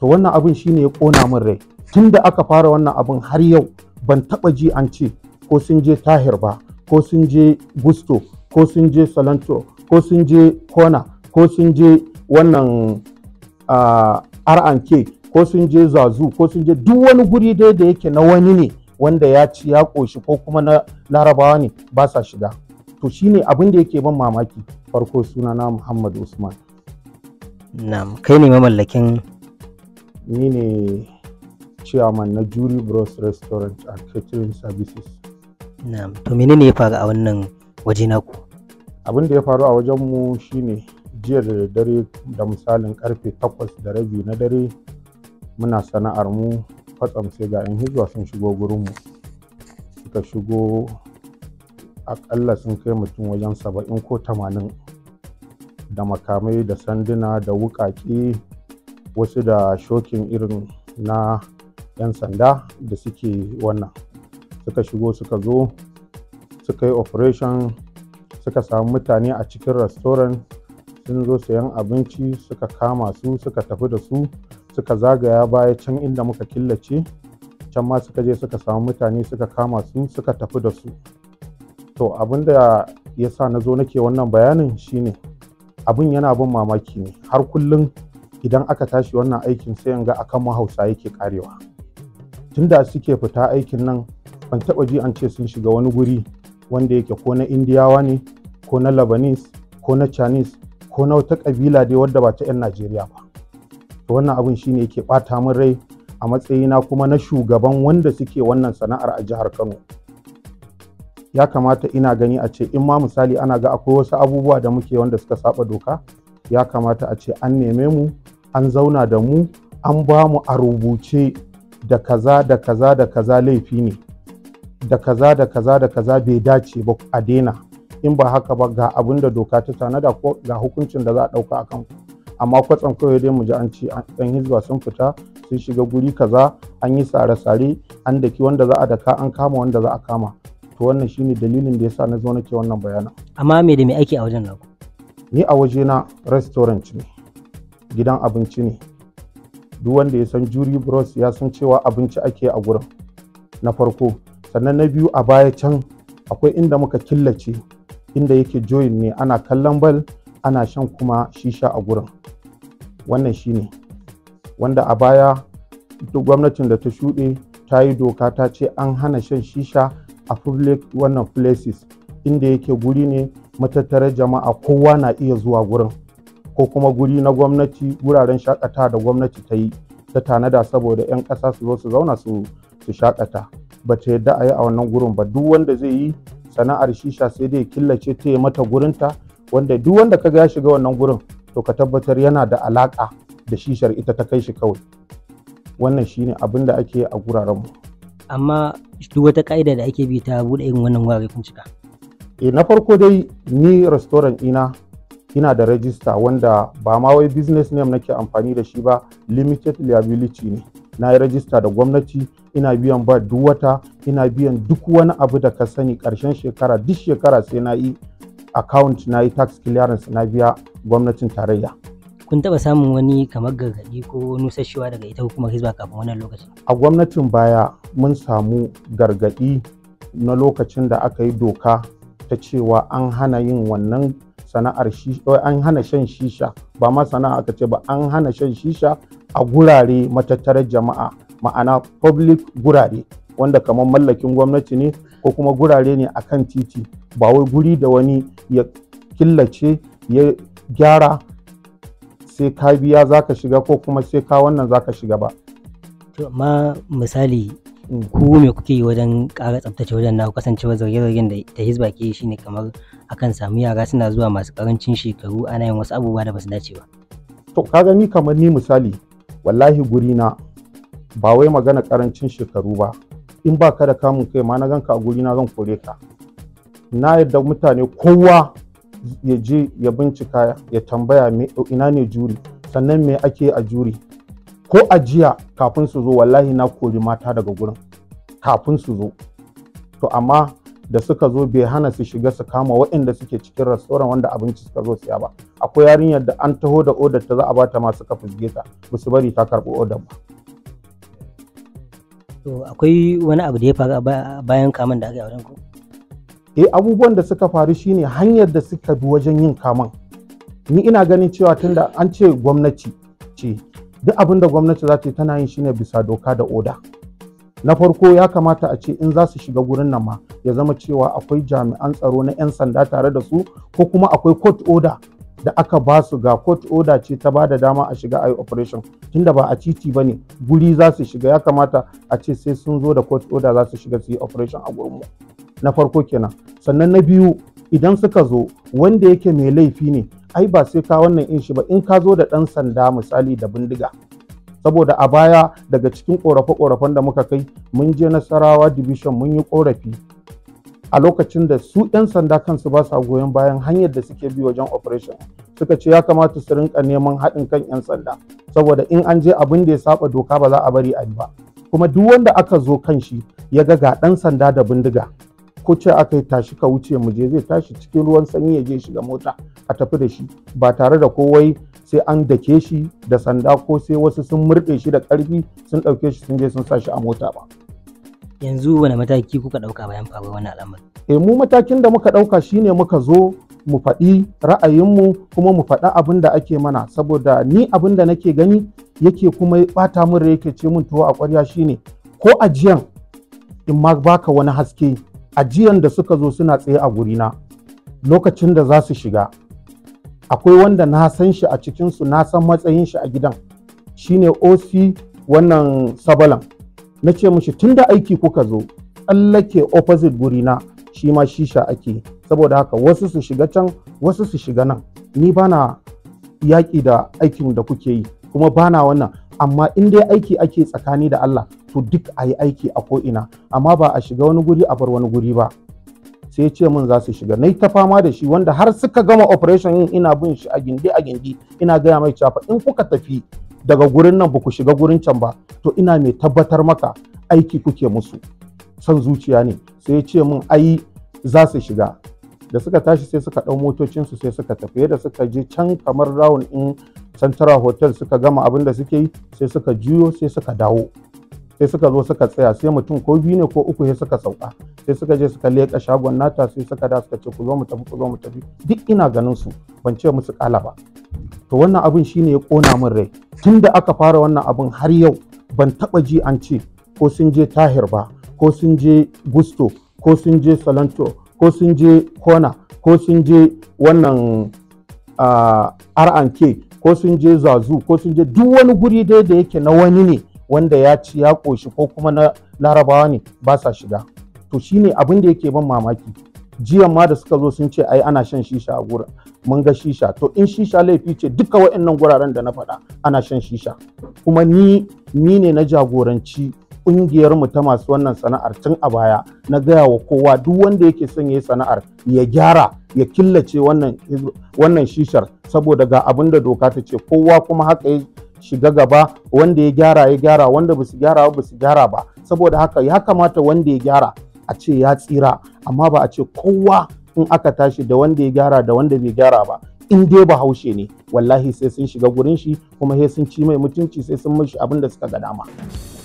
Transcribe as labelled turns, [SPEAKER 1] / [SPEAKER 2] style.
[SPEAKER 1] to wannan abin shine ya kona min rai tunda aka fara wannan abin har yau ban taba ji an ce ko sun je tahir ba ko sun je gusto ko sun je salanto ko sun je kona ko sun je wannan r&k ko sun je zazu ko sun je duk wani guri dai da yake na wani ne wanda ya ci ya ƙoshi ko kuma na larabawa ne ba sa shiga to shine abin da yake ban mamaki farko sunana muhammad usman na kai ne mamallakin ni ne chairman na Jury Bros Restaurant and Catering Services. Na'am, to menene ya faru a wannan waje naku? Abin da ya faru a wajen mu shine jiya da dare da misalin karfe takwas da rabi na dare muna sana'ar mu kwatsam sai ga 'yan hijira sun shigo gurinmu suka shigo akalla sun kai mutum wajen saba'in ko tamanin da makamai da sanduna da wukaƙe wasu da shokin irin na 'yan sanda da suke wannan suka shigo suka zo suka yi operation suka samu mutane a cikin restaurant sun zo sayan abinci suka kama su suka tafi da su suka zagaya baya can inda muka killace can ma suka je suka samu mutane suka kama su suka tafi da su to abin da ya sa na zo nake wannan bayanin shine abin yana bin mamaki ne har kullum idan aka tashi wannan aikin sai in ga akan hausa yake karewa tunda suke fita aikin nan ban taba ji an ce sun shiga wani guri wanda yake ko na indiyawa ne ko na lebanese ko na chinese ko na wata kabila dai wadda ba ta 'yan najeriya ba to wannan abin shine yake bata min rai a matsayina kuma na shugaban wanda suke wannan sana'ar a jihar kano ya kamata ina gani a ce in ma misali ana ga akwai wasu abubuwa da muke wanda suka saba doka ya kamata a ce an neme mu an zauna da mu an ba mu a rubuce da kaza da kaza da kaza laifi ne da kaza da kaza da kaza bai dace ba a daina in ba haka ba ga abin da doka ta tanada ko ga hukuncin da za a ɗauka akan ku amma kwatsam kawai dai mu ji an ce ɗan hizba sun fita sun shiga guri kaza an yi sare-sare an daki wanda za a daka an kama wanda za a kama to wannan shine dalilin da yasa na zo nake wannan bayana.
[SPEAKER 2] amma me da me ake a wajen naku
[SPEAKER 1] ni a waje na restaurant ne gidan abinci ne duk wanda ya san juri bros ya san cewa abinci ake a gurin na farko sannan na biyu a baya can akwai inda muka killace inda yake join ne ana kallon bal ana shan kuma shisha a gurin wannan shi ne. wanda a baya duk gwamnatin da ta shuɗe ta yi doka ta ce an hana shan shisha a public wannan places inda yake guri ne matattarar jama'a kowa na iya zuwa gurin ko kuma guri na gwamnati wuraren shakata da gwamnati ta yi ta tanada saboda 'yan ƙasa su zo su zauna su su shakata ba ta yadda a yi a wannan gurin ba duk wanda zai yi sana'ar shisha sai dai killace ta yi mata gurinta wanda duk wanda ka ga ya shiga wannan gurin to ka tabbatar yana da alaka da shishar ita ta kai shi kawai wannan shine abin da ake a guraren mu
[SPEAKER 2] amma duk wata ka'ida da ake bi ta bude irin wannan wurare kun cika eh na farko dai ni restaurant ina
[SPEAKER 1] ina da rajista wanda ba ma wai business name nake amfani da shi ba limited liability ne na yi rajista da gwamnati ina biyan ba duk wata ina biyan duk wani abu da ka sani karshen shekara duk shekara sai na yi account na yi tax clearance na biya gwamnatin tarayya
[SPEAKER 2] kun taba samun wani kamar gargaɗi ko nusashewa daga ita hukumar hizba kafin wannan lokacin
[SPEAKER 1] a gwamnatin baya mun samu gargaɗi na lokacin da aka yi doka ta cewa an hana yin wannan sana'ar shisha an hana shan shisha ba ma sana'a aka ce ba an hana shan shisha a gurare matattarar jama'a ma'ana public gurare wanda kamar mallakin gwamnati ne ko kuma gurare ne a kan titi ba wai guri da wani ya killace ya gyara sai ka biya za ka shiga ko kuma sai ka wannan za ka shiga ba.
[SPEAKER 2] amma misali mm. ku me kuke yi wajen ƙara tsabtace wajen na kasancewa zauye-zauyen da hizba ke shi ne kamar akan samu yara suna zuwa masu karancin shekaru ana yin wasu abubuwa da basu dace ba
[SPEAKER 1] to ka gani kamar ni misali wallahi guri na ba wai magana karancin shekaru ba in ba ka da kamun kai ma na ganka a guri na zan kore ka na yadda mutane kowa ya je ya bincika ya tambaya ina ne juri sannan me ake a juri ko ajiya kafin su zo wallahi na kori mata daga gurin kafin su zo to amma da suka zo bai hana su shiga su kama waɗanda suke cikin restoran wanda abinci suka zo siya ba akwai yarinyar da an taho da odar ta za a bata ma suka fusge ta ba su bari ta karɓi odar
[SPEAKER 2] ba to akwai wani abu da ya faru a bayan kaman da aka yi a ku eh abubuwan da suka faru shine hanyar da suka bi wajen yin kaman
[SPEAKER 1] ni ina ganin cewa tunda an ce gwamnati ce duk abin da gwamnati za ta yi tana yin shine bisa doka da oda na farko ya kamata a ce in za su shiga gurin nan ma ya zama cewa akwai jami'an tsaro na 'yan sanda tare da su ko kuma akwai court order da aka ba su ga court order ce ta ba da dama a shiga ayi operation tunda ba a titi ba ne guri za su shiga ya kamata a ce sai sun zo da court order za su shiga su yi operation a mu. na farko kenan sannan na biyu idan suka zo wanda yake mai laifi ne ai ba sai ka wannan in shi ba in ka zo da ɗan sanda misali da bindiga saboda a baya daga cikin korafe-korafen da muka kai mun je nasarawa division mun yi ƙorafi a lokacin da su 'yan sanda kansu ba sa goyon bayan hanyar da suke bi wajen operation suka ce ya kamata su rinka neman haɗin kan 'yan sanda saboda in an je abin da ya saba doka ba za a bari a yi ba kuma duk wanda aka zo kan shi ya ga ga ɗan sanda da bindiga ko ce aka yi tashi ka wuce mu je zai tashi cikin ruwan sanyi ya je shiga mota a tafi da shi ba tare da kowai sai an dake shi da sanda ko sai wasu sun murɗe shi da ƙarfi sun ɗauke shi sun je sun sa shi a mota ba.
[SPEAKER 2] Yanzu wani mataki kuka ɗauka bayan faruwar wani al'amari?
[SPEAKER 1] Eh mu matakin da muka ɗauka shine muka zo mu faɗi ra'ayinmu kuma mu faɗa abin da ake mana saboda ni abin da nake gani yake kuma ɓata min rai yake ce min tuwo a ƙwarya shine ko ajiyan in ma baka wani haske ajiyan da suka zo suna tsaye a gurina lokacin da za su shiga akwai wanda na san shi a cikinsu na san matsayin shi a gidan shine oc wannan sabalan na ce mushi tun da aiki kuka zo tsallake opposite gurina shi ma shisha ake saboda haka wasu su shiga can wasu su shiga nan ni bana yaƙi da aikin da kuke yi kuma bana wannan amma in dai aiki ake tsakani da Allah su duk a yi aiki a ko'ina amma ba a shiga wani guri a bar wani guri ba sai ya ce min za su shiga na yi ta fama da shi wanda har suka gama operation yin ina bin shi a gindi a gindi ina gaya mai cewa in kuka tafi daga gurin nan ba ku shiga gurin can ba to ina mai tabbatar maka aiki kuke musu son zuciya ne sai ya ce min ai za su shiga da suka tashi sai suka ɗau motocinsu sai suka tafi da suka je can kamar rawun in central hotel suka gama abin da suke yi sai suka juyo sai suka dawo sai suka zo suka tsaya sai mutum ko biyu ne ko uku sai suka sauka sai suka je suka leƙa shagon nata sai suka da suka ce ku zo mu tafi ku zo mu tafi duk ina ganin su ban ce musu kala ba to wannan abin shine ya kona min rai tun da aka fara wannan abin har yau ban taba ji an ce ko sun je tahir ba ko sun je gusto ko sun je salanto ko sun je kona ko sun je wannan uh, ah, r&k ko sun je zazu ko sun je duk wani guri dai da yake na wani ne wanda ya ci ya ƙoshi ko kuma na larabawa ne ba sa shiga to shine abin da yake ban mamaki jiyan ma da suka zo sun ce ai ana shan shisha a gurin mun ga shisha to in shisha laifi ce duka wa'annan guraren da na faɗa ana shan shisha kuma ni ni ne na jagoranci kungiyar mu ta masu wannan sana'ar tun a baya na gaya wa kowa duk wanda yake son yayi sana'ar ya gyara ya killace wannan wannan shishar saboda ga abin da doka ta ce kowa kuma haka shiga gaba wanda ya gyara ya gyara wanda ba su gyara ba su gyara ba saboda haka ya kamata wanda ya gyara a ce ya tsira amma ba a ce kowa in aka tashi da wanda ya gyara da wanda bai gyara ba in dai haushe ne wallahi sai sun shiga gurin shi kuma sai sun ci mai mutunci sai sun mishi abin da suka ga dama.